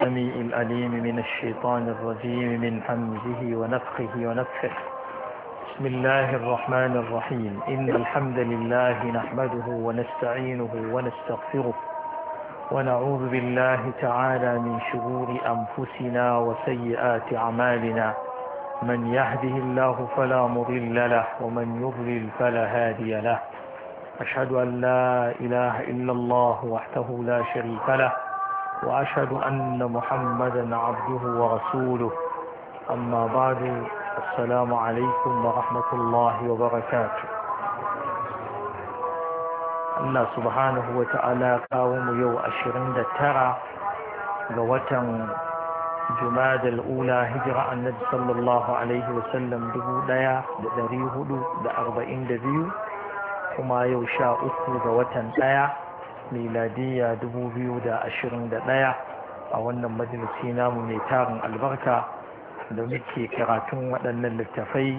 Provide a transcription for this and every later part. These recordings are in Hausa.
السميع الأليم من الشيطان الرجيم من حمزه ونفخه ونفخه بسم الله الرحمن الرحيم إن الحمد لله نحمده ونستعينه ونستغفره ونعوذ بالله تعالى من شرور أنفسنا وسيئات أعمالنا من يهده الله فلا مضل له ومن يضلل فلا هادي له أشهد أن لا إله إلا الله وحده لا شريك له وأشهد أن محمدا عبده ورسوله أما بعد السلام عليكم ورحمة الله وبركاته Allah subhanahu wa ta’ala kawo mu yau ashirin da tara ga watan Jumadal ula hijira annabi sallallahu Alaihi wasallam dubu daya da dari hudu da arba'in da biyu kuma yau sha uku ga watan daya miladiyya 2021 a wannan majalisi namu mai tarin albarka da muke karatun waɗannan littafai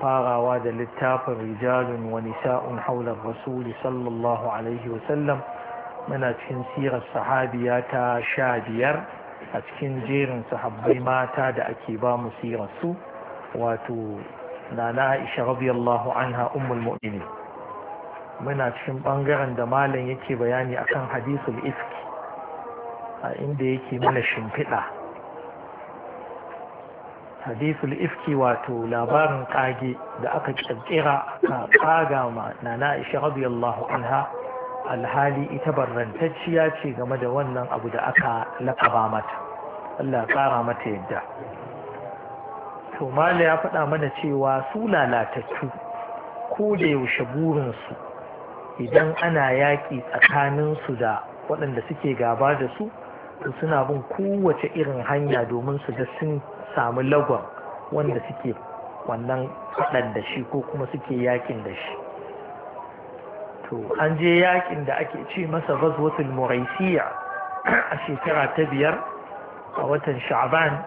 farawa da littafin rijalun wa nisa'un haular rasuli sallallahu alaihi wasallam muna cikin sirar sahabiya ta sha biyar a cikin jerin sahabbai mata da ake ba mu su wato nana aisha radiyallahu anha ummul mu'minin muna cikin ɓangaren da malam yake bayani akan hadisul iski a inda yake mana shimfiɗa hadisul iski wato labarin ƙage da aka ƙirƙira ka ƙaga ma na na'isha radiyallahu anha alhali ita barrantacciya ce game da wannan abu da aka laƙaba mata Allah ƙara mata yadda to mala ya faɗa mana cewa su lalatattu ko da yaushe burinsu idan ana yaƙi tsakaninsu da waɗanda suke gaba da su to suna bin kowace irin hanya domin su ga sun samu lagon wanda suke wannan faɗan da shi ko kuma suke yaƙin da shi to an je yaƙin da ake ce masa gazwatul muraisiya a shekara ta biyar a watan sha'ban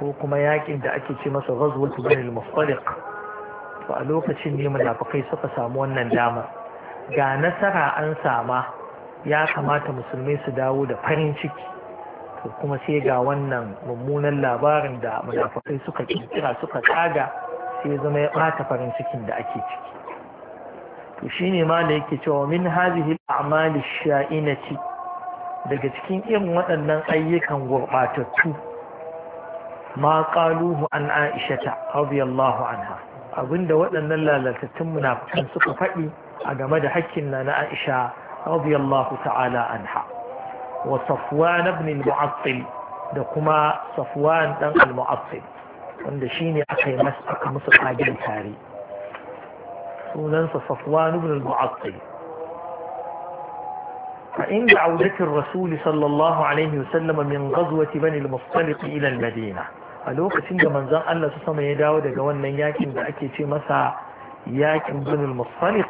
ko kuma yaƙin da ake ce masa gazwatul muraisiya to a lokacin ne munafukai suka samu wannan dama ga nasara an sama ya kamata musulmai su dawo da farin ciki to kuma sai ga wannan mummunan labarin da munafukai suka kira suka kaga sai zama ya bata farin cikin da ake ciki to shine ma da yake cewa min hadhihi al'amali sha'inati daga cikin irin waɗannan ayyukan gurɓatattu ma qaluhu an aishata radiyallahu anha abinda waɗannan lalatattun munafikan suka faɗi a game da hakkin na Aisha radiyallahu ta'ala anha wa Safwan ibn al-Mu'attil da kuma Safwan dan al-Mu'attil wanda shine aka yi masa aka musu kagin tare sunansa Safwan ibn al-Mu'attil فإن rasuli الرسول صلى الله عليه وسلم من غزوة بني المصطلق إلى المدينة a lokacin da manzon Allah su sama ya dawo daga wannan yakin da ake ce masa yakin binul musfalik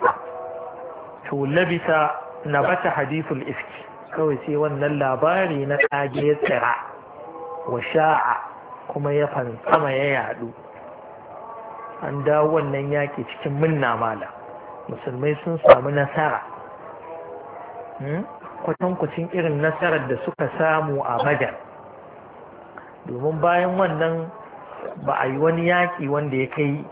to labita na bata hadithul iski kawai sai wannan labari na kage ya tsira wa sha'a kuma ya fansama ya yadu an dawo wannan yaki cikin minna mala musulmai sun samu nasara hmm? kwatankwacin irin nasarar da suka samu a badar domin bayan wannan ba a yi wani yaƙi wanda ya kai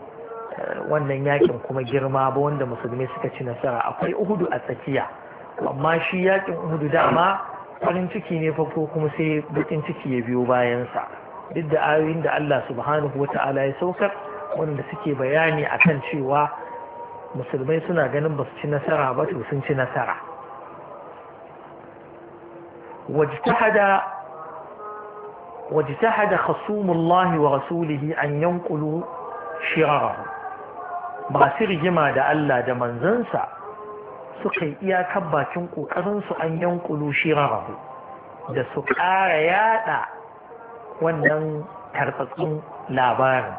eh, wannan yaƙin kuma girma ba wanda musulmi suka ci nasara akwai uhudu a tsakiya amma shi yaƙin uhudu dama farin ciki ne farko kuma sai bakin ciki ya biyo bayansa duk da ayoyin da Allah subhanahu wa ta'ala ya saukar wanda suke bayani akan cewa musulmai suna ganin ba su ci nasara ba to sun ci nasara wajtahada واجتهد خصوم الله ورسوله أن ينقلوا شراره masu rigima da Allah da manzansa suka yi iyakar bakin ƙoƙarin ƙoƙarinsu an yankulu shirarrahu da su ƙara yada wannan tarfatsun labarin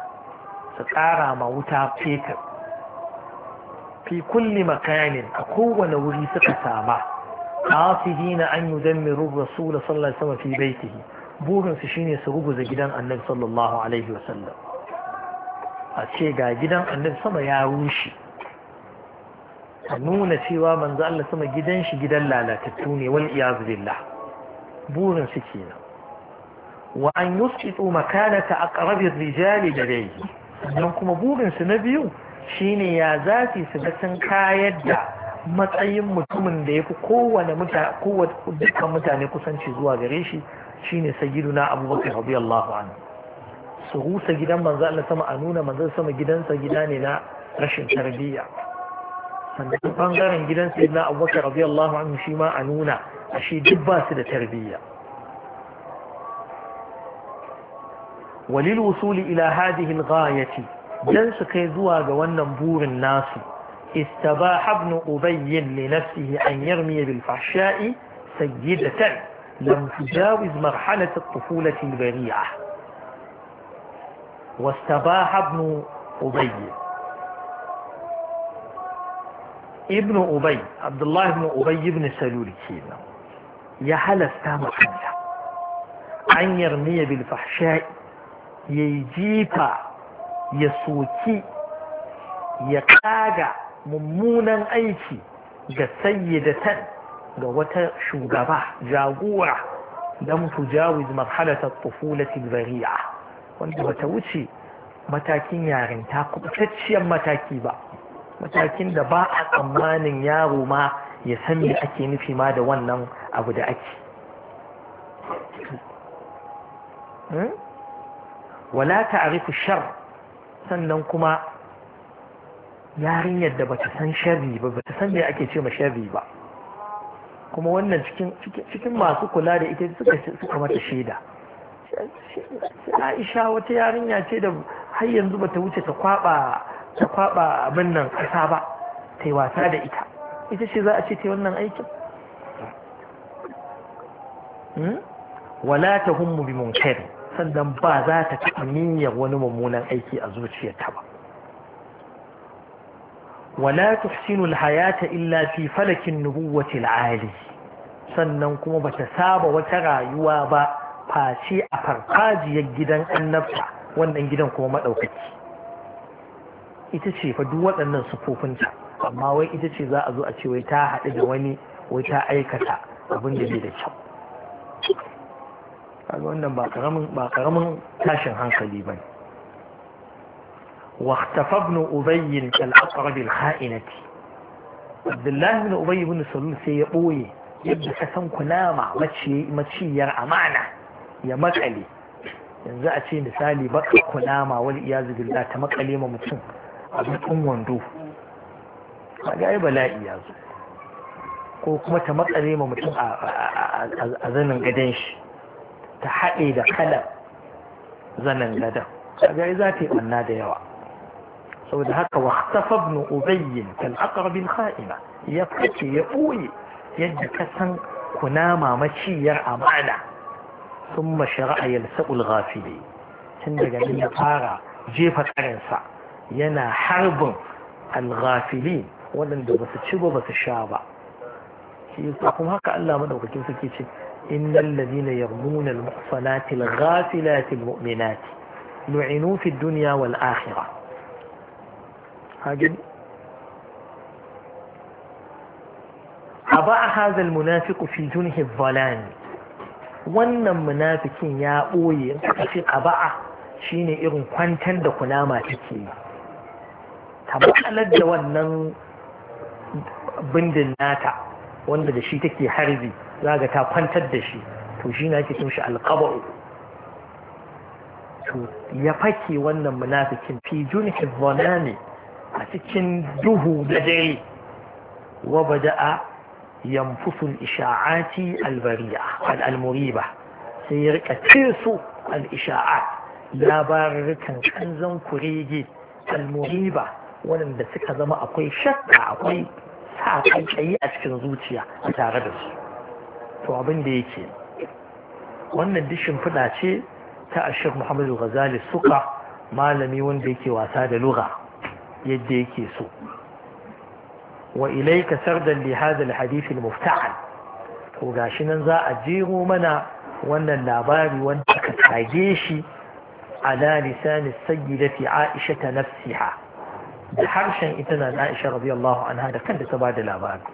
su ƙara ma wuta fetur fi kulli makanin a kowane wuri suka sama قاصدين أن يدمروا الرسول صلى الله عليه وسلم في بيته burinsu shine su ruguza gidan annabi sallallahu alaihi wasallam a ce ga gidan annabi sama ya rushe a nuna cewa manzo Allah sama gidan shi gidan lalatattu ne wal iyaz billah burin su kenan wa an yusqitu makanata aqrabi rijali da ladayhi dan kuma burin su na biyu shine ya zafi su ga sun kayar da matsayin mutumin da yafi kowane mutane kusanci zuwa gare shi shine sayyiduna abubakar radiyallahu anhu su rusa gidan manzo Allah sama a nuna manzo sama gidansa gida ne na rashin tarbiyya sannan bangaren gidan sayyidina abubakar radiyallahu anhu shi ma a nuna a shi duk ba su da tarbiyya walil wusuli ila hadhihi al-ghayati dan su kai zuwa ga wannan burin nasu استباح ابن أبي لنفسه أن يرمي بالفحشاء سيدة لم تجاوز مرحلة الطفولة البريعة واستباح ابن أبي ابن أبي عبد الله بن أبي بن سلول كينا هل استام كنسا أن يرمي بالفحشاء يجيبا يسوكي يقاقع ممونا أيتي جسيدة ga wata shugaba jagora lam tujawiz marhalatat tufulati bari'a wanda bata wuce matakin yarinta kubutacciyar mataki ba matakin da ba a tsammanin yaro ma ya san me ake nufi ma da wannan abu da ake hmm? wala ta'rifu shar sannan kuma yarinyar da bata san sharri ba bata san me ake ce ma shari ba kuma wannan cikin masu kula da ita suka mata shaida aisha wata yarinya ce da har yanzu bata wuce ta kwaba ta kwaba abin nan kasa ba ta yi wasa da ita ita ce za a ce ta wannan aikin hmm? wala ta hummu bi munkari sannan ba za ta taɓa niyyar wani mummunan aiki a zuciyarta ba ولا تحسن الحياة إلا falakin فلك النبوة العالي sannan kuma bata saba wata rayuwa ba face a farfajiyar gidan annabta wannan gidan kuma maɗaukaci. ita ce fa duk waɗannan sufofinta amma wai ita ce za a zo a ce wai ta haɗu da wani wai ta aikata abin da bai da kyau kaga wannan ba karamin tashin hankali ba ne واختفى ابن أبي Abdullahi الخائنة عبد الله بن أبي بن سلول سيقوي يبدو كسن كنامة متشير أمانة يا مكالي yanzu a misali baka kunama wal iyazu billah ta makale ma mutum a dukkan wando kaga ai bala'i ya ko kuma ta makale ma mutum a zanin gadon shi ta haɗe da kalar zanin gadon kaga ai za ta da yawa saboda haka waqtafa ibn ubay kal aqrab ya fice ya ɓoye yadda ka san kunama maciyar amana ثم شرع يلسق الغافلين tun daga nan ya fara jefa karinsa yana harbin alghafili waɗanda ba su ci ba ba su sha ba shi yasa kuma haka Allah madaukakin suke ce innal ladina yarmuna almuhsanati alghafilati almu'minati lu'inu fi dunya wal akhirah hajjin a ba a hazal munafiku fi junhi zalami wannan munafikin ya ɓoye in aka ƙaba'a shine irin kwantar da kunama take yi tabbalar da wannan bindin nata wanda da shi take harbi zaga ta kwantar da shi to shi na cikin shi alƙaba'u to ya fake wannan munafikin fi junhi zalami a cikin duhu da dare wa bada'a yanfusul isha'ati al-muriba sai ya rika teso al ishaa labarurrukan ƙanzan kurege al-muriba waɗanda suka zama akwai shakka akwai sa kankayi a cikin zuciya a tare da su to abin da yake wannan dishin fida ce ta ashir muhammadu ghazali suka malami wanda yake wasa da lura yadda yake so wa ilaika sardan li hadha alhadith mufta'al to gashi nan za a jero mana wannan labari wanda ka tage shi ala da fi aisha ta nafsiha da harshen ita na aisha radiyallahu anha da kanta ta da labari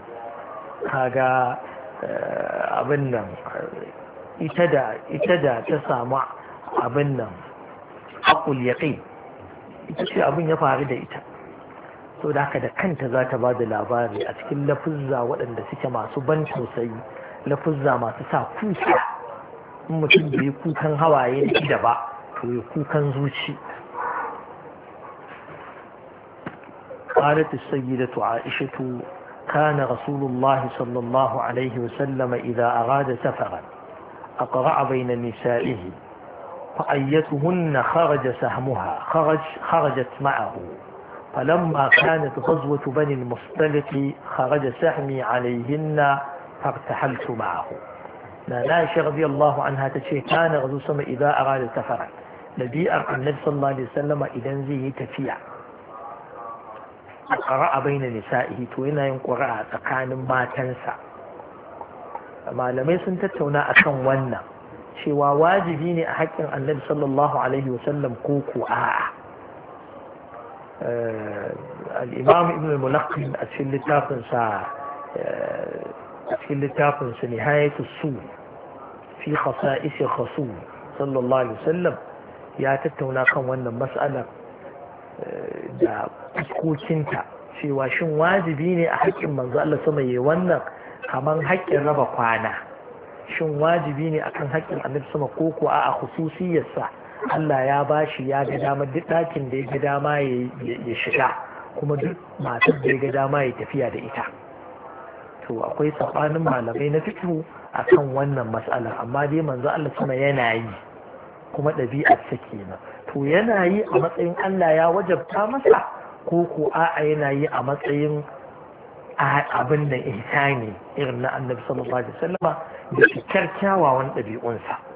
kaga eh, abin nan ita da ta samu abin nan haƙul yaqin ita ce abin ya faru da ita sau da haka da kanta za ta ba da labari a cikin lafuzza waɗanda suke masu ban tausayi lafuzza masu sa kuka in mutum bai kukan hawaye da ba to ya kukan zuci قالت السيدة عائشة كان رسول الله صلى الله عليه وسلم إذا أراد سفرا أقرع بين نسائه فأيتهن خرج سهمها خرج خرجت معه فلما كانت غزوة بني المصطلق خرج سهمي عليهن فارتحلت معه ناناشي رضي الله عنها تشي كان غزو سما إذا أراد السفر نبي النبي صلى الله عليه وسلم إذا زي تفيع قرأ بين نسائه توينا ينقرأ تقان ما تنسى ما لم يسن تتونا أكن ونا شوا واجبين أحكم النبي صلى الله عليه وسلم كوكو آه al'imam ibn al-mulaqin a cikin littafinsa a cikin littafinsa ne hayatu su fi khasa ya tattauna kan wannan matsalar da fuskokinta cewa shin wajibi ne a haƙƙin manzo Allah sama yi wannan kamar haƙƙin raba kwana shin wajibi ne akan haƙƙin annabi sama ko ko a khususiyarsa Allah ya bashi ya ga dama duk ɗakin da ya ga dama ya shiga kuma duk matar da ya ga dama ya tafiya da ita to akwai saɓanin malamai na fito a kan wannan matsala amma dai manzo Allah sama yana yi kuma ɗabi'ar sa kenan to yana yi a matsayin Allah ya wajabta masa ko ko a'a yana yi a matsayin abin da ihsani irin na annabi sallallahu alaihi wasallama da cikar kyawawan ɗabi'unsa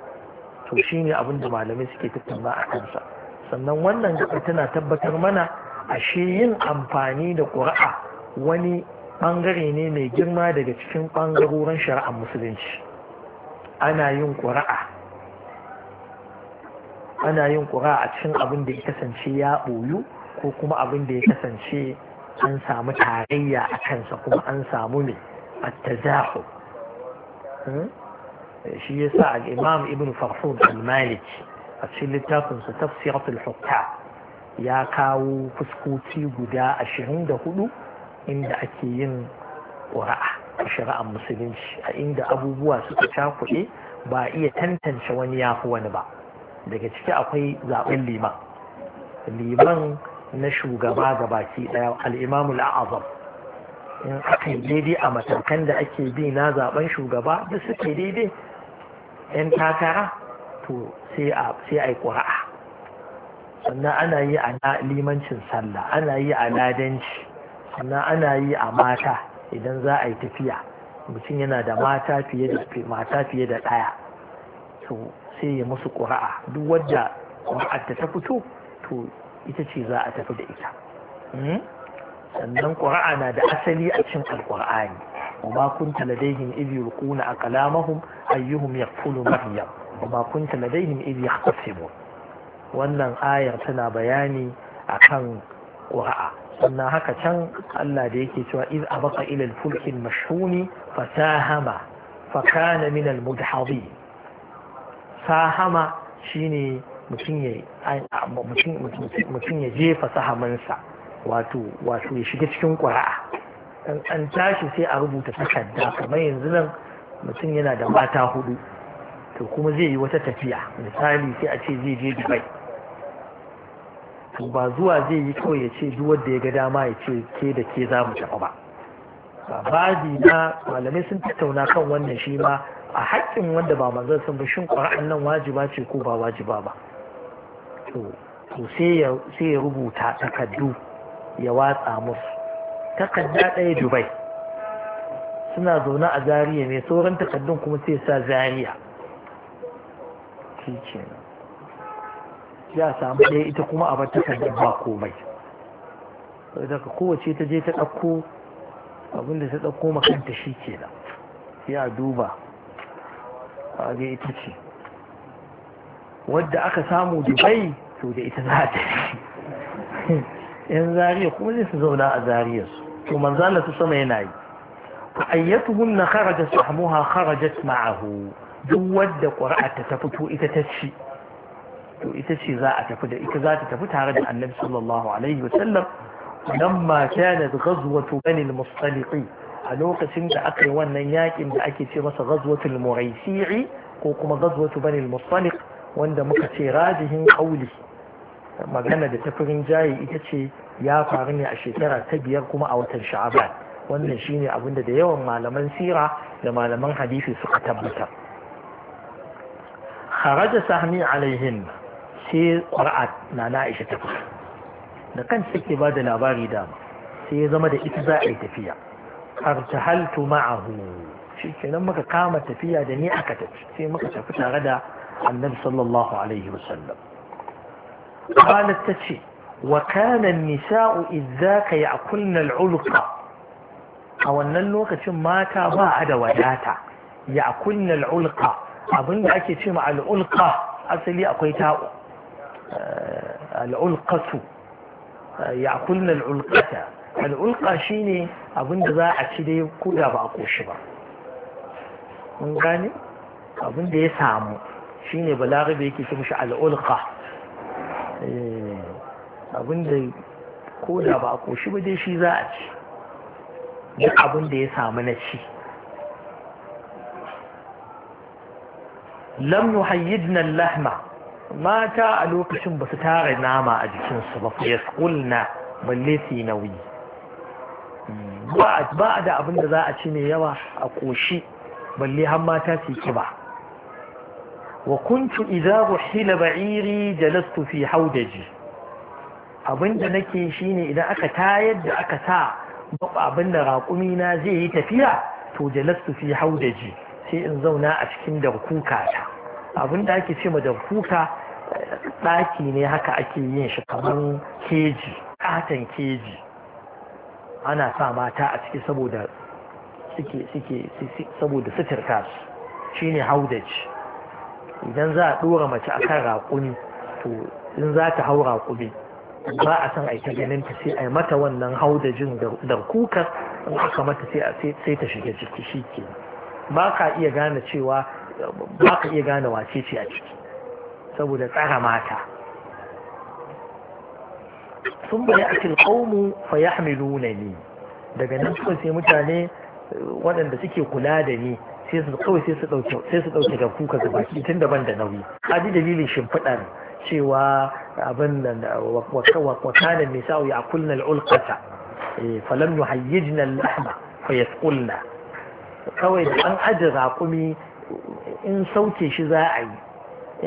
to shine abin da malamai suke tattauna a kansa sannan wannan gaba tana tabbatar mana ashe yin amfani da ƙuri'a wani ɓangare ne mai girma daga cikin ɓangarorin shari'ar musulunci ana yin ƙuri'a ana yin a cikin abin da ya kasance ya ɓoyu ko kuma abin da ya kasance an samu tarayya a kansa kuma an samu ne a tazahu hmm? shi ya sa al'imam ibn farhud al-malik a cikin littafinsa tafsiratul hukka ya kawo fuskoci guda ashirin da hudu inda ake yin ƙura'a a shari'ar musulunci a inda abubuwa suka cakuɗe ba iya tantance wani ya fi wani ba daga ciki akwai zaɓen liman liman na shugaba ga baki ɗaya al'imamul a'azam in aka yi daidai a matakan da ake bi na zaben shugaba da suke daidai yan takara to sai a yi ƙura'a sannan ana yi a limancin sallah ana yi a ladanci sannan ana yi a mata idan za a yi tafiya mutum yana da mata fiye da mata fiye da ɗaya to sai ya musu ƙura'a duk wadda ƙura'ar ta fito to ita ce za a tafi da ita hmm? sannan ƙura'a na da asali a cikin alƙur'ani wa ma kunta ladaihim idh yulquna aqlamahum ayyuhum yaqulu maryam wa ma kunta ladaihim idh yaqtasimun wannan ayar tana bayani akan ƙura'a sannan haka can Allah da yake cewa iz abaka ila al-fulki al-mashhuni fasahama fa kana min al-mudhadhi sahama shine mutum ya mutum ya jefa sahamansa wato wato ya shiga cikin ƙura'a an tashi sai a rubuta takarda kamar yanzu nan mutum yana da mata hudu to kuma zai yi wata tafiya misali sai a ce zai je dubai to ba zuwa zai yi kawai ya ce wanda ya ga dama ya ce ke da ke za mu tafi ba babi na malamai sun tattauna kan wannan shi ma a haƙƙin wanda ba manzon sun ba shin nan wajiba ce ko ba wajiba ba to sai ya rubuta takardu ya watsa musu takarda ɗaya dubai suna zaune a zariya mai sauran takardun kuma sai sa zariya ya samu ɗaya ita kuma a bar takardun ba komai daga kowace ta je ta ɗauko abinda ta ɗauko makanta shi ke da ya duba a ita ce wadda aka samu dubai to da ita za ta yan zariya kuma zai su zauna a Zariya to manzala su sama yana yi ayyatuhun na kharajat sahmuha kharajat ma'ahu duk wadda ƙuri'arta ta fito ita ta ci to ita ce za a tafi da ita za ta tafi tare da annabi sallallahu alaihi wa sallam lamma kanat ghazwatu bani al-mustaliqi a lokacin da aka yi wannan yakin da ake ce masa ghazwatul muraisi'i ko kuma ghazwatu bani al-mustaliq wanda muka ce rajihin qawli magana da tafirin jaye ita ce ya faru ne a shekara ta biyar kuma a watan sha'aban wannan shine abin da yawan malaman sira da malaman hadisi suka tabbata kharaja sahmi alaihin sai qur'at na na'isha ta da kan take ba da labari dama sai ya zama da ita za a yi tafiya artahaltu ma'ahu shikenan muka kama tafiya da ni aka tafi sai muka tafi tare da annabi sallallahu alaihi wasallam qalat tace wa kana an-nisaa'u idzaaka ya'kulna al a wannan lokacin mata ba a da wadata ya'kulna al-'uluqa abinda ake ce ma asali akwai ta'u eh, al-'ulqatu eh, ya'kulna al shine abinda za ci dai ko da ba a ƙoshi ba mun abinda ya samu shine balaghi yake ce mishi al Eh, abinda ko da ba a koshi ba dai shi za a ci duk abin da ya samu na ci lam yuhayyidna lahma mata a lokacin ba su tara nama a jikinsu ba ya skulna balle su nauyi hmm, ba a da abin da za a ci mai yawa a ƙoshi balle har mata su kiba وكنت إذا رحل بعيري جلست في حوججي abinda nake shine idan aka tayar da aka sa abin da raƙumi na zai yi tafiya to jalastu fi haudaji sai in zauna a cikin darkuka ta abin ake ce ma darkuka ɗaki ne haka ake yin shi kamar keji katan keji ana sa mata a ciki saboda suke suke saboda suturta su shine haudaji idan za a ɗora mace a kan raƙumi to in za ta hau raƙumi ba a san aita ganin ta sai a yi mata wannan hau da jin da kukar in aka mata sai ta shiga ciki shi ke ba ka iya gane cewa ba ka iya gane wace ce a ciki saboda tsara mata sun bari a ƙaunu fa ya ne daga nan kuma sai mutane waɗanda suke kula da ni sai su kawai sai su dauke sai su dauke da kuka ga baki tun daban da nauyi kaji dalilin shimfiɗa ne cewa abin da wa kana a ya'kulna al-ulqata eh, falam yuhayyijna al-lahma fayasqulna kawai da an aje raƙumi in sauke shi za a yi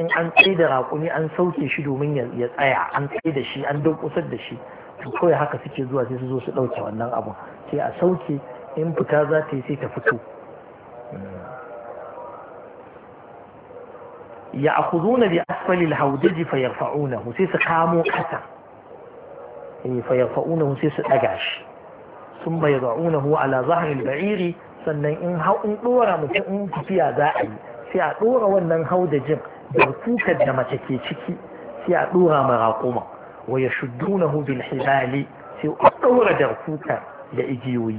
in an tsaye da raƙumi an sauke shi domin ya tsaya an tsaye da shi an durƙusar da shi to kawai haka suke zuwa sai su zo su ɗauke wannan abun sai a sauke in fita za ta yi sai ta fito يأخذون بأسفل الهودج فيرفعونه سيس قاموا كسا إيه، فيرفعونه سيس أجاش ثم يضعونه على ظهر البعير سنن إن هو إن دورا مكين كتيا داعي سيا دورا ونن هودج برفوك الدم تكيشكي سيا دورا مراقوما ويشدونه بالحبال سيؤطور درفوك لإجيوي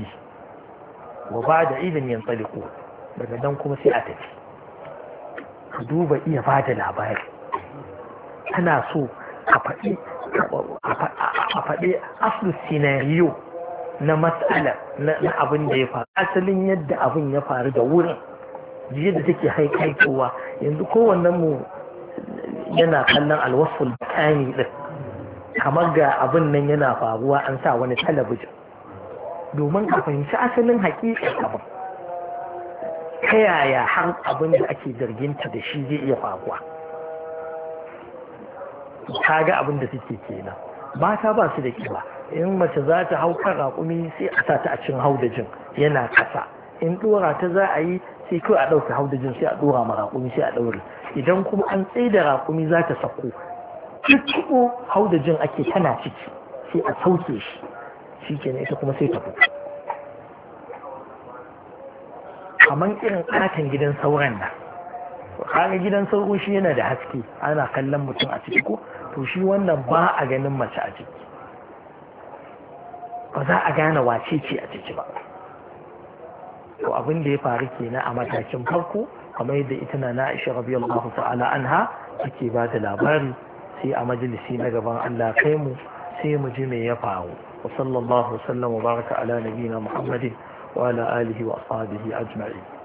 وبعد إذن ينطلقون daga nan kuma sai a tafi ka duba iya ba da labari ana so a faɗi a sinariyo na matsala na abin da ya faru asalin yadda abin ya faru da wurin jiya da take haikaikowa yanzu kowannen mu yana kallon alwasul kani din kamar ga abin nan yana faruwa an sa wani talabijin domin a fahimci asalin haƙiƙa abin ta yaya har abin da ake zarginta da shi zai iya faruwa ta ga abin da suke kenan mata ba su da kiba in mace za ta hau kan raƙumi sai a sa a cin haudajin yana ƙasa in ɗora ta za a yi sai kawai a ɗauka haudajin sai a ɗora ma raƙumi sai a ɗaure idan kuma an tsaye da raƙumi za ta sako cikin haudajin ake tana ciki sai a sauke shi shi kenan ita kuma sai ta fito kaman irin katon gidan sauran nan kaga gidan sauro shi yana da haske ana kallon mutum a ciki ko to shi wannan ba a ganin mace a ciki ba za a gane wace ce a ciki ba to abin da ya faru kenan a matakin farko kamar yadda ita na na ishe rabiyallahu ta'ala anha ake ba da labari sai a majalisi na gaban Allah kai mu sai mu ji me ya faru wa sallallahu sallam wa baraka ala nabiyina muhammadin وعلى آله وأصحابه أجمعين